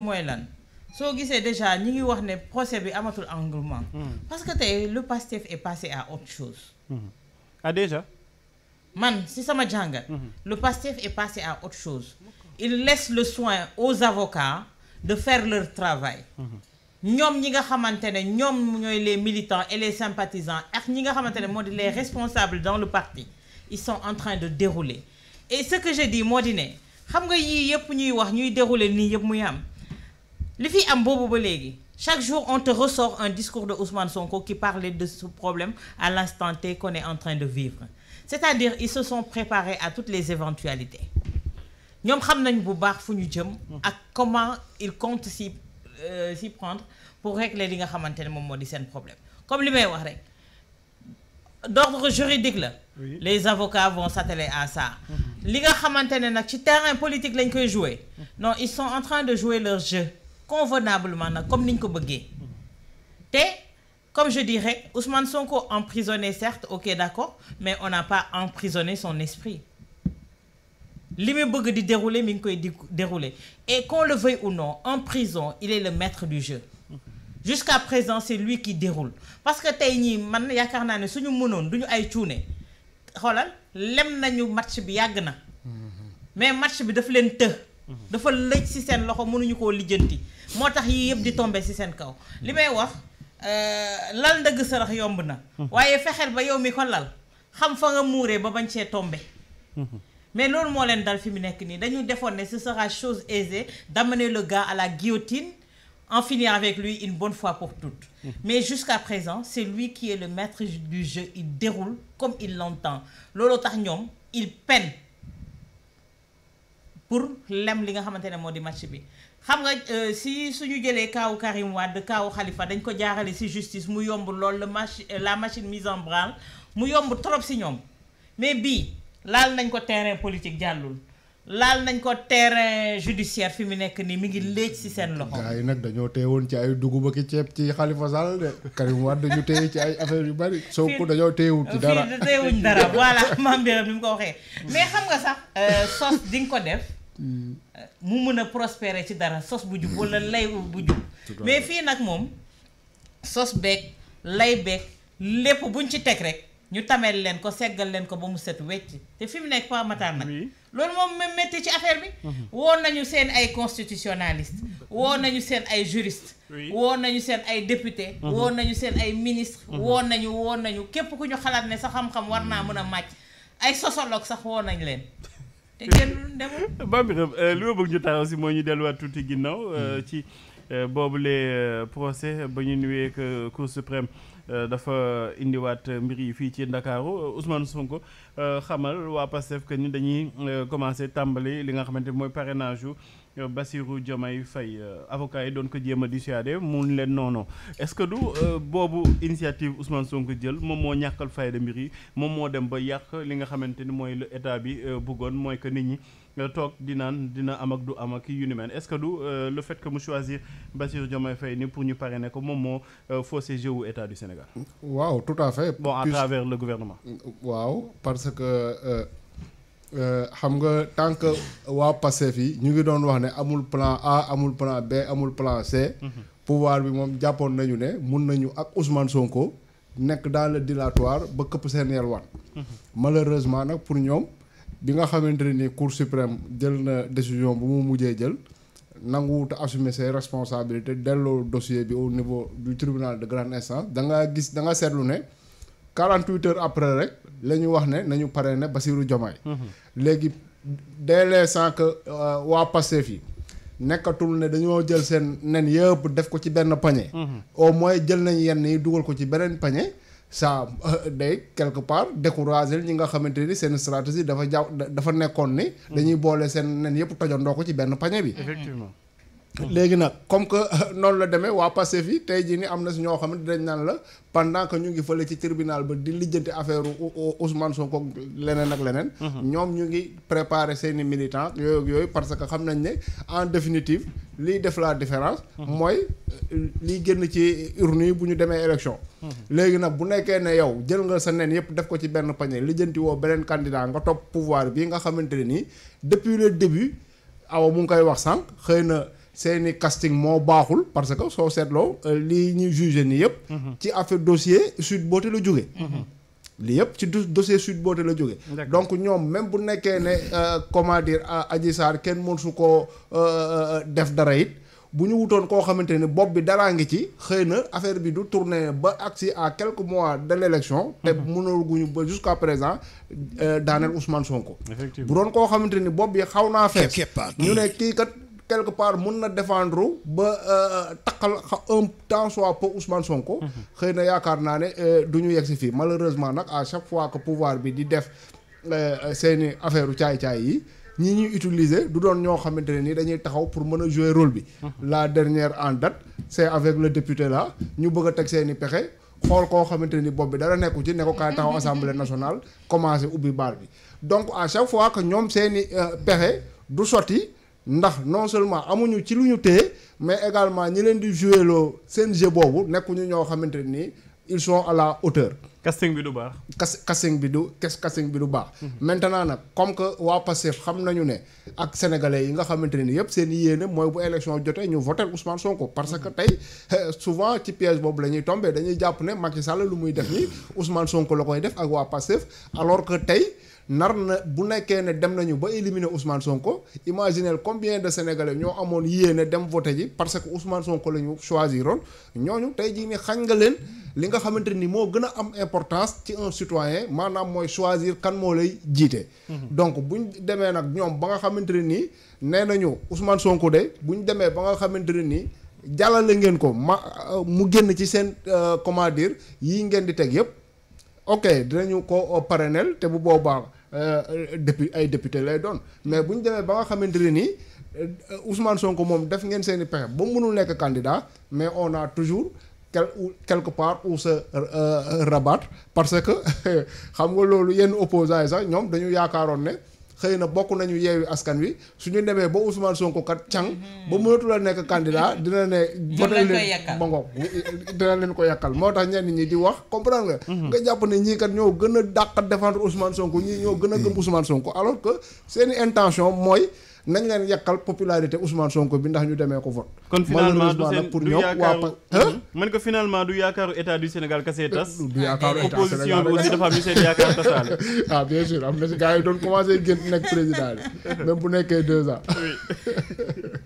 mooy lan soo gisee déjà ñi ngi wax ne procès bi amatul engouement hmm. parce que tey le Pastef est passé à autre chose hmm. ah, man si sama jàngat hmm. le Pastef est passé à autre chose il laisse le soin aux avocats de faire leur travail ñoom ñi nga xamante ne ñoom ñooy les militants et les sympathisants ak ñi nga xamante ne moo di les responsables dans le parti ils sont en train de dérouler et ce que je dis moo di ne xam nga yii yëpp ñuy wax ñuy dérouler nii yëpp muy am li fi am boobu ba léegi chaque jour on te ressort un discours de Ousmane Sonko qui parlait de ce problème à l'instant T qu'on est en train de vivre c'est-à-dire ils se sont préparés à toutes les éventualités ñoom xam nañu bu baax fu ñu jëm comment ils comptent s'y euh, s'y prendre pour régler li nga xamante ne moom moo di seen problème comme li may wax rek d'ordre juridique la oui. les avocats vont s'atteler à ça mm-hmm. li nga xamante ne nag ci terrain politique lañ koy joue mm-hmm. non ils sont en train convenablement na comme ni niñ ko bëggee te comme je dirais Ousmane Sonko emprisonné certes ok d'accord mais on n'a pas emprisonné son esprit li mu bëgg di dérouler mi ngi koy di dérouler et qu'on le veuille ou non en prison il est le maître du jeu jusqu'à présent c'est lui qui déroule parce que tey ñii man yaakaar naa ne suñu mënoon duñu ay cuune xoolal lem nañu match bi yàgg na mm-hmm. mais match bi daf leen të Mhm. dafa lëj si seen loxo mënuñu koo lijjanti moo tax yii yëpp di tombe si seen kaw li may wax euh, lal ndëgg sarax yomb na mhm. waaye fexeel ba yow mi ko lal xam fa nga muuree ba bañ see tombe mhm. mais loolu moo leen dal fi mu nekk nii dañu defoon ne ce sera chose aisée d'amener le gars à la guillotine en finir avec lui une bonne fois pour toutes mais jusqu'à présent c'est lui qui est le maître du jeu il déroule comme il l'entend looloo tax ñoom il peine pour lem li nga xamante ne moo di match bi xam nga euh, si suñu jëlee kaawu Karim Wade kaawu Khalifa dañ ko jaaxale si justice mu yomb lool la mach euh, la machine mise en branle mu yomb trop si ñoom mais bi laal nañ ko terrain politique jàllul laal nañ ko terrain judiciaire fi mu nekk nii mi ngi léej si seen loxo. gars yi nag dañoo teewoon ci ay dugub ak ceeb ci Khalifa Sall de Karim Wade dañu ci ay affaire yu bari. soo ko dañoo teewul ci dara fii teewuñ dara voilà maam Birame mu ko waxee mais xam nga sax euh, sos di ko def. mu mën a prospérer ci dara sos bu jub wala lay bu jub mais fii nag moom sos beeg lay beeg lépp buñ ci teg rek ñu tamel leen ko seggal leen ko ba mu set wecc te fi mu nekk Pa Matar nag loolu moom même métti ci affaire bi mhm. woo nañu seen ay constitutionnaliste mhm. woo nañu seen ay juriste woo nañu seen ay député mhm. woo nañu seen ay ministre woo nañu woo nañu képp ku ñu xalaat ne sa xam-xam war naa mën a màcc ay sociologue sax woo nañ leen te génn demul. Bambilor eh, li ma bëgg ñu taxaw si moo ñu delluwaat tuuti ginnaaw hmm. euh, ci. Euh, boobu boobule euh, procès ba ñu nuwee que euh, Cour suprême dafa indiwaat mbir yi fii ci Ndakaaru usman Sonko xamal waa Pastef que ni dañuy commencé tàmbali li nga xamante mooy parrainage yu Bassirou Diomaye Faye avocat yi doon ko jéem a dissuader mun leen noonu est-ce que du boobu initiative usman Sonko jël moom moo ñàkkal fayda mbir yi moom moo dem ba yàq li nga xamante ni mooy le état bi bëggoon mooy que nit ñi toog di naan dina am ak du am ak yu ni mel est du euh, le fait que mu choisir Bassirou Diomaye Faye ni pour ñu parrainer ko moom moo euh, faussé jeu wu état du Sénégal. waaw tout à fait. bon à travers le gouvernement. waaw parce que. Euh, xam nga tant que waa Pastef yi ñu ngi doon wax ne amul plan A amul plan B amul plan C. Mhm. pouvoir bi moom jàppoon nañu ne mun nañu ak Ousmane Sonko nekk dans le dilatoire ba këpp seen yelwaan. Mhm. malheureusement nag pour ñoom bi nga xamante ne ni cour suprême jël na décision bu mu mujjee jël nanguwuta assumer ses responsabilités delloo dossier bi au niveau du tribunal de grande instance da nga gis da nga seetlu ne 48 heures après rek la ñu wax ne nañu pare ne Bassirou Diomaye mhm. léegi dès l'instant que euh, waa Pastef yi nekkatul ne dañoo jël seen nen yëpp def ko ci benn pañe mhm. au moins jël nañ yenn yi dugal ko ci beneen pañe ça euh, day quelque part décourager ñi nga xamante ni seen stratégie dafa jàw dafa nekkoon ni mm-hmm. dañuy boole seen nen yëpp tojandoo ko ci benn pañe bi léegi nag comme que euh, noonu la demee waa passé fi tey jii ni am na si ñoo xam ne dañ naan la pendant que ñu ngi fële ci tribunal ba di lijjanti affaire Ousmane Sonko leneen ak leneen mhm. ñoom ñu ngi préparer seeni militants yooyu yooyu parce que xam nañ ne en définitive liy def la différence mhm. mooy euh, liy génn ci urne yi bu ñu demee élection mhm. léegi nag bu nekkee ne yow jël nga sa nen yëpp def ko ci benn panier lijjanti woo beneen candidat nga topp pouvoir bi nga xamante ne nii depuis le début awa mu ngi koy wax sànq xëy na seeni casting moo baaxul parce que soo seetloo euh, lii ñuy jugé nii yëpp. Mhm. ci affaire dossier Sweet Beauté la jóge mhm. lii yëpp ci dossier Sweet Beauté la jóge donc ñoom même bu nekkee ne euh, comment dire Adji Sarr kenn mën su ko euh, def dara it bu ñu wutoon koo xamante ne bopp bi daraa ngi ci xëy na affaire bi du tourner ba acci à quelque mois de l'élection mhm. te mënaguñu ba jusqu'à présent daaneel Ousmane Sonko bu doon koo xamante ni bopp bi xaw naa fees ñu ne kii quelque part mun na défendre ba euh, takkal un temps soit peu Ousmane Sonko. Mhm. xëy na yaakaar naa ne euh, du ñu yegg si fii malheureusement nag à chaque fois que pouvoir bi di def euh, seeni affaire caay-caay yi. ñi ñu utiliser du doon ñoo xamante ne ni dañuy taxaw pour mën a jouer rôle bi. Mhm. la dernière en date c' est avec le député la ñu bëgg a teg seen i pexe xool koo xamante ni bopp bi dara nekku ci ne ko kaay taxaw assemblée nationale commencé ubbi baal bi donc à chaque fois que ñoom seen pexe du sotti. ndax non seulement amuñu ci lu ñu téye mais également ñi leen di joué loo seen jeu boobu nekkuñu ñoo xamante nii ils sont à la hauteur. casting bi du baax. cas casting bi du kes casting bi du baax. Mhm. maintenant nag comme que waa Pastef xam nañu ne ak sénégalais yi nga xamante ne yëpp seen yéene mooy bu élection jotee ñu voté Ousmane Sonko. parce que mhm. tey euh, souvent ci piège boobu la ñuy tombé dañuy jàpp ne Macky Sall lu muy def nii mhm. Ousmane Sonko la koy def ak waa Pastef alors que tey. nar na bu nekkee ne dem nañu ba éliminer Ousmane Sonko imaginez bien de Sénégalais ñoo amoon yéene dem voté ji parce que Ousmane Sonko la ñu choisiroon ñooñu tey jii ni xañ nga leen li nga xamante nii moo gën a am importance ci un citoyen maanaam mooy choisir kan moo lay jiite. Mhm. donc buñ demee nag ñoom ba nga xamante ne nii nee nañu Ousmane Sonko de buñ demee ba nga xamante ne nii jàllale ngeen ko ma euh, mu génn ci seen euh, comment dire yii ngeen di teg yëpp ok dinañu ko euh, parrainel te bu boobaa. Euh, depuis ay député lay doon mais bu ñu demee ba nga xamante ne nii euh, Ousmane Sonko moom def ngeen seen i pexe ba mënul nekk candidat mais on a toujours quel quelque part où se euh, rabattre parce que xam nga loolu yenn opposants yi sax ñoom dañu yaakaaroon ne. xëy na bokk nañu yeewi askan wi su ñu demee ba Ousmane Sonko kat càng ba mm-hmm. mënatul a nekk candidat dina ne voté leen bangoog dina leen ko yàqal moo tax ñenn ñi di wax comprendre nga mm-hmm. nga jàpp ne ñii kat ñoo gën a dàq défendre Ousmane Sonko ñii ñoo gën a gëm mm-hmm. Ousmane Sonko alors que seen intention mooy nañ leen yàqal popularité Ousmane Sonko bi ndax ñu demee ko vote. kon finalement du seen pour ñoom waa mm-hmm. man ko finalement du yaakaaru état du Sénégal kese eh, tas. du yaakaaru état opposition bi aussi dafa am ñu seen yaakaar ah bien sûr am na si gars yi doon commencé génn nekk président bi même bu nekkee deux ans.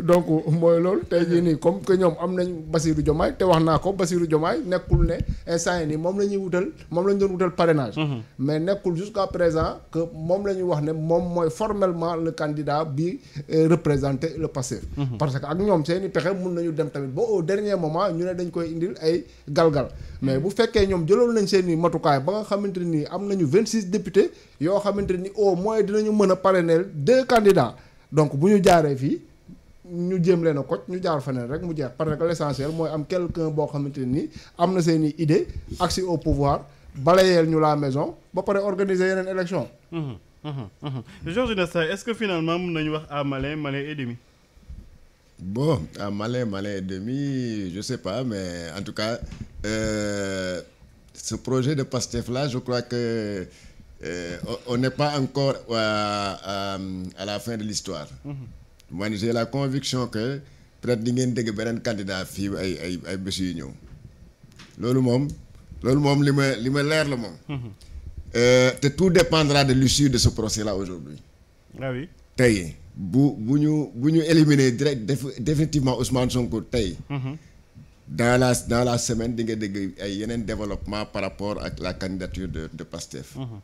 donc mooy loolu tey nii comme que ñoom am nañ Bassirou Diomaye te wax naa ko Bassirou Diomaye nekkul ne instant yi nii moom la ñuy wutal moom la ñu doon wutal parrainage. Mhm. mais nekkul jusqu'à présent que moom la ñuy wax ne moom mooy formellement le candidat bi euh, représenter le Pastef. Mhm. parce que ak ñoom seeni pexe mun nañu dem tamit ba au dernier moment ñu ne dañ koy indil ay galgal mais bu fekkee ñoom jëloon nañ seeni matukaay ba nga xamante nii am nañu vingt six députés yoo xamante ni au moins dinañu mën a parrainer deux candidats donc bu ñu jaaree fii. ñu jéem leen a koc ñu jaar feneen rek mu jeex parce que l' essentiel mooy am quelqu'un boo xamante ni am na seen i idée accès au pouvoir balayeel ñu la maison ba pare organiser yeneen élection Georges Nesta est-ce que finalement mun nañu wax à malin malin et demi bon à malin malin et demi je sais pas mais en tout cas euh, ce projet de PASTEF la je crois que euh, on n'est pas encore à, la fin de l'histoire man la conviction que peut di ngeen dégg beneen candidat fii ay ay yu ñëw loolu moom loolu moom li ma li ma leer la moom mhm. euh, te tout dépendra de l'issue de ce procès la aujourd'hui ah oui tey bu bu ñu bu ñu éliminer direct définitivement Ousmane Sonko tey mhm. dans la dans la semaine di nga dégg ay yeneen développement par rapport ak la candidature de de mhm.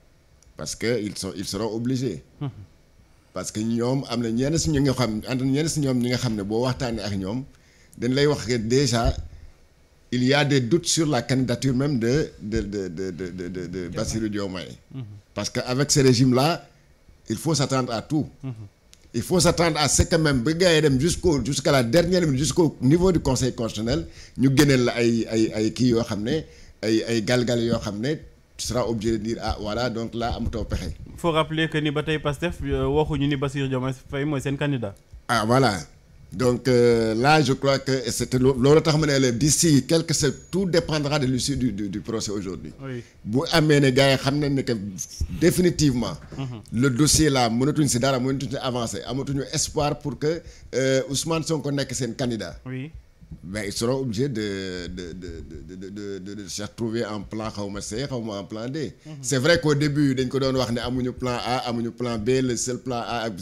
parce que ils sont ils seront obligés parce que ñoom am na ñenn si ñu xam am na ñenn si ñoom ñi nga xam ne boo waxtaanee ak ñoom dañ lay wax que déjà il y a des doutes sur la candidature même de de de de de de de, mhm. parce que avec ce régime là il faut s'attendre à tout. Mm il faut sa trente ce que même ba gars yi dem jusqu'au jusqu'à la dernière minute jusqu'au niveau du conseil constitutionnel ñu génneel la ay ay ay kii yoo xam ne ay ay galgal yoo xam ne tu seras obligé de ah voilà donc là amatoo pexe. faut rappeler que ni ba tey Pastef euh, waxuñu ni Bassirou Diomaye Faye mooy seen candidat. ah voilà donc euh, je crois que c'était loolu tax ma ne la d'ici quelque chose tout dépendra de l'issue du du, du procès aujourd'hui bu amee ne gars yi xam nañ ne que définitivement. Mhm. le dossier là mënatuñ si dara mënatuñ si avancer amatuñu espoir pour que euh, Ousmane Sonko nekk seen candidat. mais ils seront obligés de de de de de de de se trouver plan xaw ma C xaw ma un plan D. Mhm. c'est vrai qu'au début dañ ko doon wax ne amuñu plan A amuñu plan B le seul plan A ak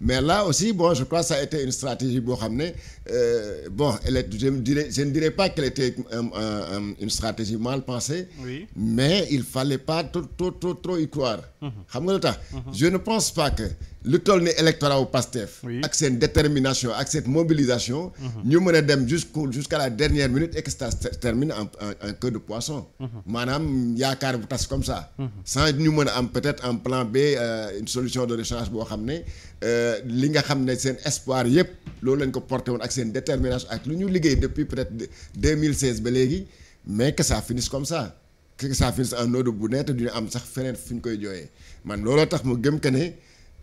mais là aussi bon je que ça a été une stratégie boo xam ne euh, bon elle est je ne dirais je ne dirais pas qu'elle était un, euh, un, euh, une stratégie mal pensée. mais il fallait pas trop trop trop trop mhm. xam nga lu tax. Mhm. je ne pense pas que. lu toll ni électorat wu Pastef ak seen détermination ak cette mobilisation mhm. ñu mën a dem jusqu'au jusqu'à la dernière minute et que ça termine en en de poisson mhm. maanaam yaakaar bu tas comme ça mhm. sans ñu mën a am peut-être un plan B euh, une solution de rechange boo xam ne euh, li nga xam ne seen espoir yëpp loolu lañ ko porté woon ak seen détermination ak lu ñu liggéey depuis peut-être 2016 ba léegi mais que ça comme ça que ça finisse en eau de boudin te duñu am sax feneen fu ñu koy jooyee man looloo tax mu gëm que ne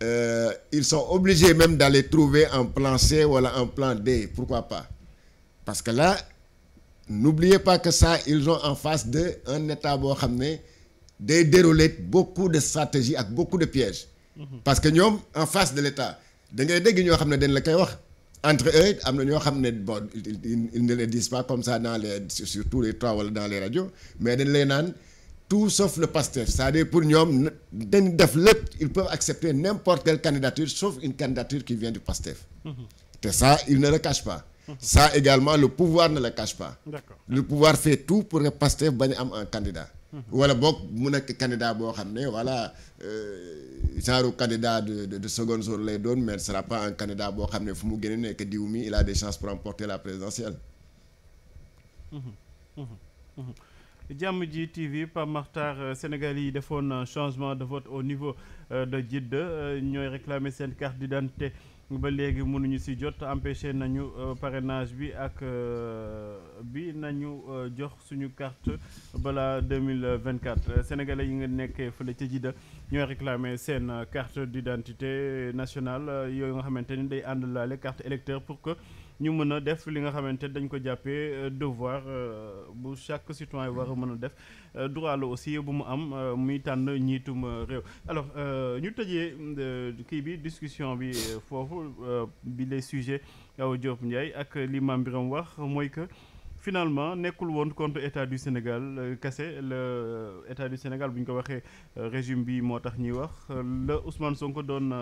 euh, ils sont obligés même d'aller trouver un plan C wala un plan D pourquoi pas parce que là n'oubliez pas que ça ils ont en face de un état boo xam ne day dérouler beaucoup de stratégies ak beaucoup de pièges mhm. parce que ñoom en face de l'état da ngay dégg ñoo xam ne dañ la koy wax entre eux am na ñoo xam ne bon ils ne le disent pas comme ça dans les surtout les trois wala dans les radios mais dañ lay naan tout sauf le Pastef c'est-à-dire pour ñoom dañ def lép ils peuvent accepter n'importe quelle candidature sauf une candidature qui vient du Pastef mm-hmm. te ça ils ne le cachent pas mm-hmm. ça également le pouvoir ne le cache le pouvoir fait tout pour que Pastef bañ am un candidat mm-hmm. wala boog mu nekk candidat boo xam ne voilà euh, genre candidat de de seconde zone lay doon mais ne sera pas un candidat boo xam ne fu mu génne nekk diw mi il a des chances pour remporter la présidentielle jàmm ji TV Pape Makhtar euh, Sénégal yi defoon euh, changement de vote au niveau euh, de Djeddah ñooy réclamer seen carte d'identité ba léegi mënuñu ci jot empêché nañu parrainage bi ak bi nañu jox suñu carte balaa 2024 sénégalais yi nga nekkee fële ca Jidda ñooy réclamer seen carte d'identité nationale yooyu nga xamante ni day ànd laale carte électeur pour que ñu mën a def li nga xamante dañ ko jàppee euh, devoir euh, bu chaque citoyen war a mën a def euh, droit la aussi bu mu am muy tànn ñiitum réew alors ñu tëjee kii bi discussion bi foofu bi les sujets Awa Diop Ndiaye ak li bi Birame wax mooy que finalement nekkul woon contre état du Sénégal kese le état du Sénégal bu ko waxee régime bi moo tax ñuy wax la Ousmane ko doon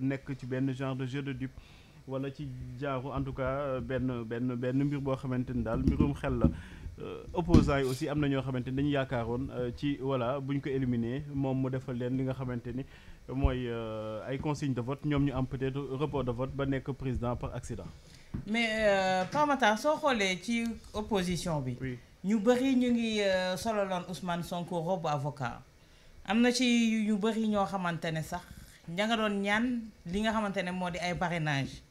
nekk ci benn genre de jeu de dupe wala ci jaaru en tout cas euh, benn benn benn mbir boo xamante ni daal mbirum xel la euh, opposants yi aussi am na ñoo xamante ni dañu yaakaaroon euh, ci voilà buñ ko éliminer moom mu defal leen li nga xamante ni mooy ay consigne de vote ñoom ñu am peut-être report de vote ba nekk président par accident mais Pape Matar soo xoolee ci opposition bi ñu bëri ñu ngi sololoon Ousmane Sonko robe avocat am na ci ñu bëri ñoo xamante ne sax ña doon ñaan li nga xamante ne moo di ay parrainage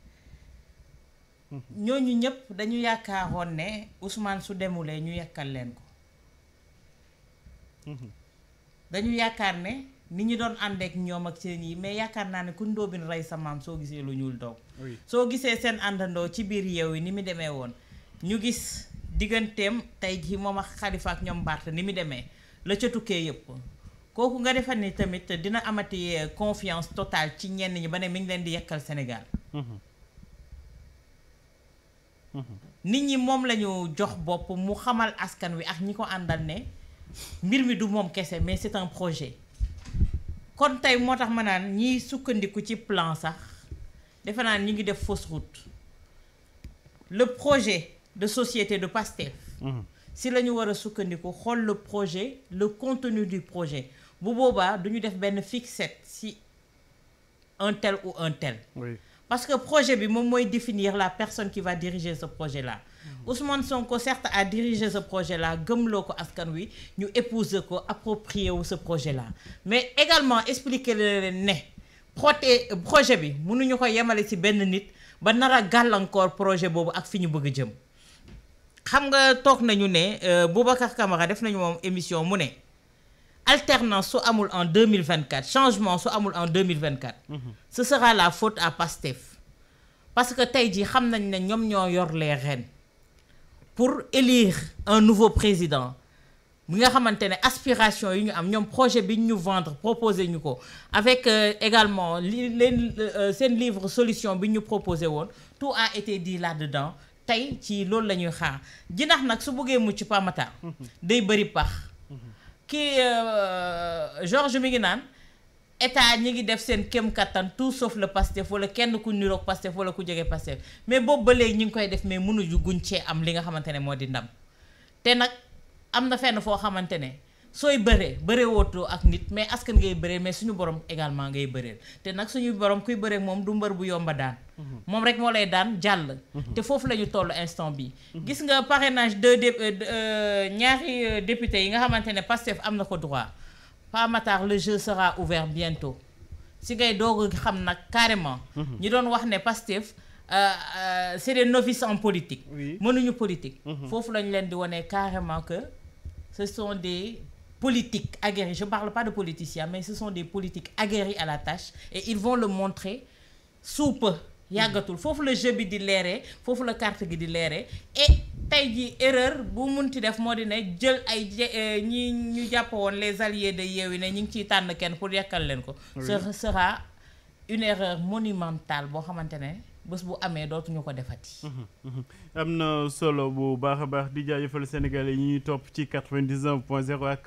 ñooñu ñëpp dañu yaakaaroon ne Ousmane su demulee ñu yekkal leen ko. Mhm. dañu yaakaar ne ni ñu doon ànd ak ñoom ak seen yi mais yaakaar naa ne ku ndóobin rey sa maam soo gisee lu ñuul doog. soo gisee seen àndandoo ci biir yeew yi ni mu demee woon. ñu gis digganteem tey jii moom a Khalifa ak ñoom Barth ni mu demee la ca tukkee yëpp. kooku nga defal ni tamit dina amati eh, confiance totale ci ñenn ñi ba ne mi ngi leen di yekkal Sénégal. Mhm. nit ñi moom la jox bopp mu xamal askan wi ak ñi ko àndal ne mbir mi du moom kese mais c'est un projet kon tey moo tax ma naan ñiy sukkandiku ci plan sax defe naan ñi ngi def fausse route le projet de société de Pastef mhm. si lañu ñu war a sukkandiku xool le projet le contenu du projet bu boobaa du ñu def benn fixette si un tel ou un parce que projet bi moom mooy définir la personne qui va diriger ce projet là mm-hmm. Ousmane Sonko certes a dirigé ce projet là gëmloo ko askan wi ñu épouser ko approprier wu ce projet là mais également expliquer leen ne proté projet bi mënuñu ko yemale si benn nit ba nar a gàllankoor projet boobu ak fi ñu bëgg jëm xam nga toog nañu ne euh, Boubacar Camara def nañu moom émission mu ne alternance su amul en 2024 changement su amul en 2024 mhm. ce sera la faute à Pastef parce que tey jii xam nañ na ñoom ñoo yor les rênes pour élire un nouveau président bi nga xamante ne aspiration yi ñu am ñoom projet bi ñu vendre proposé ñu ko avec euh, également li leen euh, seen livre solution bi ñu proposé woon tout a été dit là-dedans tey ci loolu la ñuy xaar jinax nag su buggee mucc pamata mhm. day bëri pax kii euh, Georges mi ngi naan état ñi ngi def seen kem kattan tout sauf le Pastef wala kenn ku niroog Pastef wala ku jege Pastef mais boobu ba léegi ñi ngi koy def mais mënuñu guñ cee am li nga xamante ne moo di ndam te nag am na fenn foo xamante ne. sooy bëree bëree wootoo ak nit mais askan ngay bëree mais suñu borom également ngay bëree te nag suñu borom kuy bëree moom du mbër bu yomba daan. Mhm. moom rek moo lay daan jàll. Mhm. te foofu la ñu toll instant bi mhm. gis nga parrainage de euh, euh, ñaari euh, député yi nga xamante ne Pastef am na ko droit Pape Matar le jeu sera ouvert bientôt si ngay doog xam nag carrément. ñi doon wax ne Pastef. Euh, euh, c'est des novices en politique. Oui. mënuñu politique. Mm -hmm. foofu lañu leen di wane carrément que politiques aguerris je parle pas de politiciens mais ce sont des politiques aguerris à la tâche ils vont le montrer sous yàggatul foofu la jeu bi di leere foofu la carte gi di leere et tey ji erreur bu munti def moo di ne jël ay euh, ñi ñu jàpp woon les alliés de Yewwi ne ñu ngi ciy tànn kenn pour yekkal leen ko ce sera une erreur monumentale boo xamante ne bés bu amee dootuñu ko defati. Mhm, mhm. am na solo bu baax a baax di jaajëfal Sénégalais yi ñuy topp ci 99 point 0 ak.